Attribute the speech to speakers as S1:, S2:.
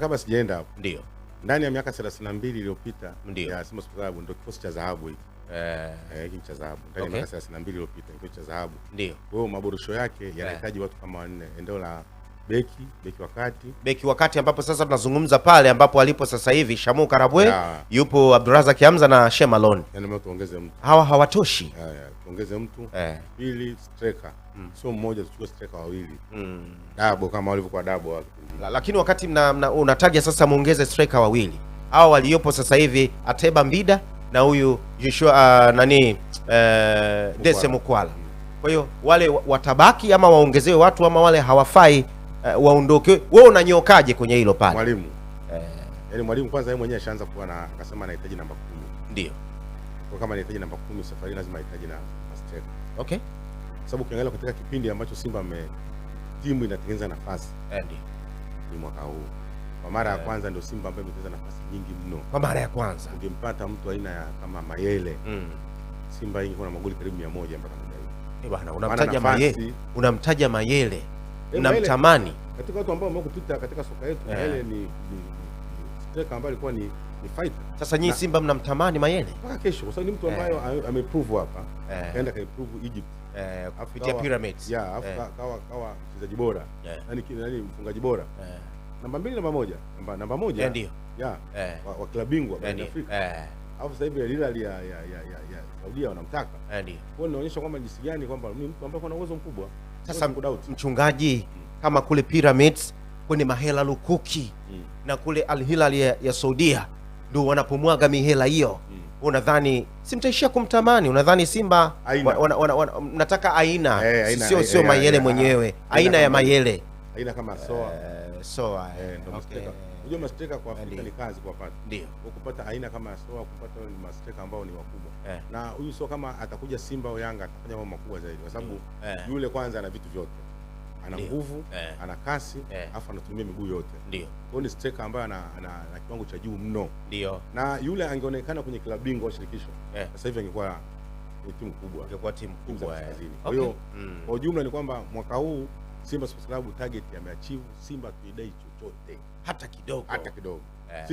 S1: kama sijaenda hapo, ndio ndani ya miaka 32 iliyopita ya Simba Sports Club ndio kikosi cha dhahabu hiki eh, eh hiki cha dhahabu ndani ya miaka 32 iliyopita kikosi cha dhahabu. Ndio kwa hiyo maboresho yake eh. yanahitaji watu kama wanne, eneo la beki beki wakati
S2: beki wakati, ambapo sasa tunazungumza pale ambapo alipo sasa hivi Shamu Karabwe yeah. yupo Abdurazak Hamza na Shemalon,
S1: yani mtu ongeze mtu,
S2: hawa hawatoshi.
S1: yeah, yeah. Tuongeze mtu eh. pili, striker mm. sio mmoja, tuchukue striker wawili mm. dabo kama walivyokuwa dabo wake
S2: lakini wakati mna, mna, unataja sasa muongeze striker wawili hao waliopo sasa hivi Ateba Mbida na huyu Joshua uh, nani uh, eh, Dese Mukwala. Kwa hiyo wale watabaki ama waongezewe watu ama wale hawafai uh, waondoke. Wewe unanyokaje kwenye hilo pale
S1: mwalimu? Eh, yani mwalimu kwanza yeye mwenyewe ashaanza kuwa na akasema anahitaji namba 10. Ndio. Kwa kama anahitaji namba 10 safari lazima ahitaji na master. Okay. Sababu ukiangalia katika kipindi ambacho Simba ame timu inatengeneza nafasi. Eh, ndio ni mwaka huu kwa mara yeah. ya kwanza ndio Simba ambayo imecheza nafasi nyingi mno
S2: kwa mara ya kwanza.
S1: Ungempata mtu aina ya kama Mayele mm. Simba ingekuwa na magoli karibu mia moja mpaka muda
S2: Eh bwana, unamtaja Mayele, unamtaja eh, Mayele, unamtamani
S1: katika watu ambao wamekupita katika soka yetu yeah. Mayele ni, ni, striker ambaye alikuwa ni ni fighter.
S2: Sasa nyinyi Simba mnamtamani Mayele
S1: mpaka kesho, kwa sababu ni mtu eh. ambaye ameprove hapa, eh. kaenda kaiprove Egypt
S2: eh, kupitia pyramids
S1: yeah, afu eh. kawa kawa mchezaji bora yeah. nani nani mfungaji bora eh. namba mbili namba moja namba namba moja yeah, ndio yeah. eh. wa, wa klabu bingwa eh,
S2: barani Afrika
S1: eh. afu sasa hivi Al ya, ya, ya, ya, ya Saudia wanamtaka yeah, ndio kwa inaonyesha kwamba jinsi gani kwamba ni mtu ambaye ana uwezo mkubwa
S2: sasa mchungaji mm. kama kule pyramids kwenye mahela lukuki mm. na kule Al ya, ya Saudia ndio wanapomwaga mihela hiyo unadhani si mtaishia kumtamani? Unadhani Simba mnataka aina, eh, sio sio Mayele mwenyewe, aina ya Mayele,
S1: aina kama eh, Soa Soa, ndio eh, Unajua masteka kwa Afrika ni kazi kuwapata, ndio ukupata aina kama Soa, kupata ni masteka ambao ni wakubwa Na huyu Soa kama atakuja Simba au Yanga atafanya mambo makubwa zaidi, kwa sababu mm. yule kwanza ana vitu vyote ana nguvu eh. ana kasi
S2: yeah. afu anatumia miguu yote ndio
S1: kwao ni steka ambaye ana, ana, ana kiwango cha juu mno ndio na yule angeonekana kwenye klabu bingwa shirikisho eh. sasa hivi angekuwa timu kubwa
S2: angekuwa timu kubwa eh.
S1: kwa hiyo okay. mm. kwa ujumla ni kwamba mwaka huu Simba Sports Club target ameachieve Simba tuidai chochote
S2: hata kidogo
S1: hata kidogo eh.